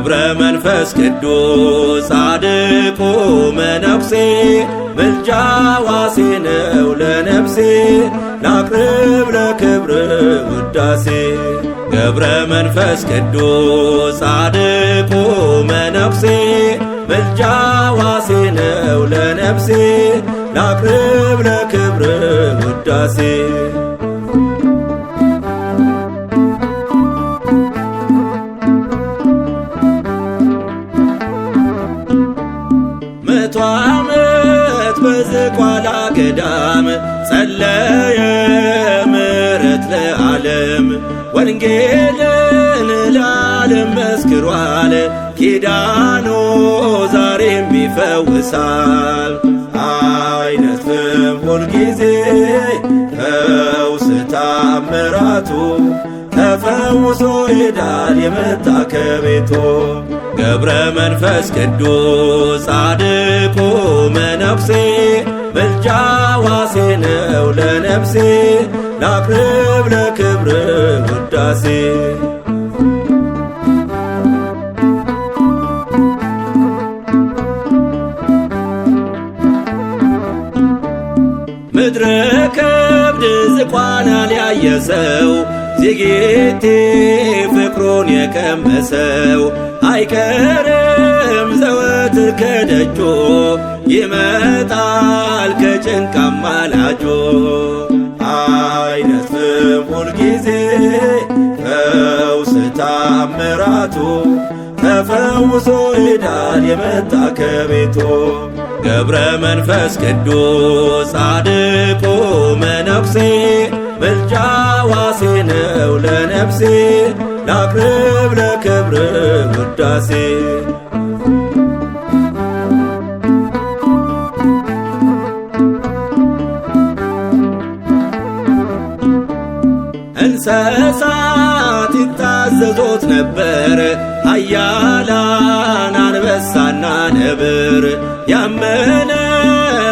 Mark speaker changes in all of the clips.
Speaker 1: ገብረ መንፈስ ቅዱስ አድቁ መነኩሴ ምልጃ ዋሴ ነው ለነፍሴ ላቅርብ ለክብር ውዳሴ ገብረ መንፈስ ቅዱስ አድቁ መነኩሴ ምልጃ ዋሴ ነው ለነፍሴ ላቅርብ ለክብር ውዳሴ በዝቋላ ገዳም ጸለየ ምሕረት ለዓለም ወንጌልን ለዓለም መስክሯል። ኪዳኖ ዛሬም ይፈውሳል። አይነትም ሁልጊዜ ፈውስ ተአምራቱ ተፈውሶ ይዳል የመጣ ከቤቱ ገብረ መንፈስ ቅዱስ ጻድቁ መነኩሴ ላቅርብ ለክብር ውዳሴ ምድረ ከብድ ዝቋናል ያየሰው ዚጌቴ ፍቅሩን የቀመሰው አይቀርም ዘወትር ከደጆ ይመጣል ከጭንቅ አማላጆ ከኃጢአቱ ተፈውሶ ይዳን የመጣ ከቤቱ ገብረ መንፈስ ቅዱስ ጻድቁ መነኩሴ ምልጃ ዋሴ ነው ለነፍሴ ላቅርብ ለክብር ውዳሴ እንሰሳ አዘዞት ነበር ኃያላን አንበሳና ነብር ያመነ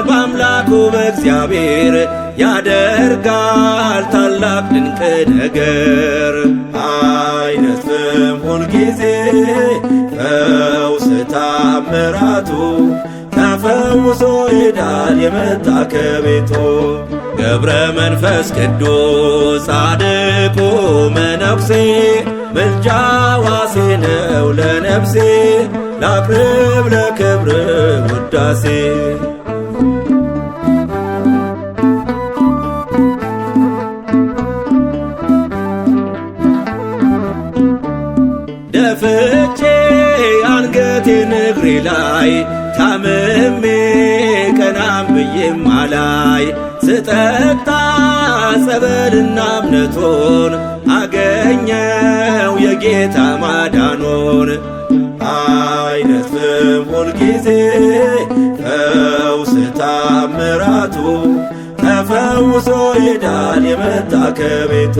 Speaker 1: በአምላኩ በእግዚአብሔር ያደርጋል ታላቅ ድንቅ ነገር አይነትም ሁልጊዜ ፈውስ ታምራቱ ተፈውሶ ይዳል የመጣ ከቤቱ ገብረ መንፈስ ቅዱስ ጻድቁ መነኩሴ ምልጃ ዋሴ ነው ለነፍሴ ላቅርብ ለክብር ውዳሴ ደፍቼ አንገቴ ንግሪ ላይ የማላይ ስጠጣ ጸበልና እምነቱን አገኘው የጌታ ማዳኑን አይነትም ሁልጊዜ ፈውስ ታምራቱ ተፈውሶ ይዳል የመጣ ከቤቱ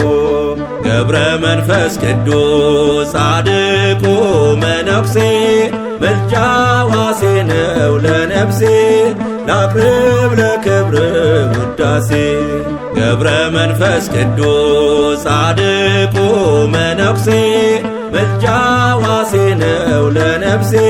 Speaker 1: ገብረ መንፈስ ቅዱስ ጻድቁ መነኩሴ ምልጃ ዋሴ ነው ለነፍሴ ላቅርብ ለክብር ውዳሴ ገብረ መንፈስ ቅዱስ ጻድቁ መነኩሴ ምልጃ ዋሴ ነው ለነፍሴ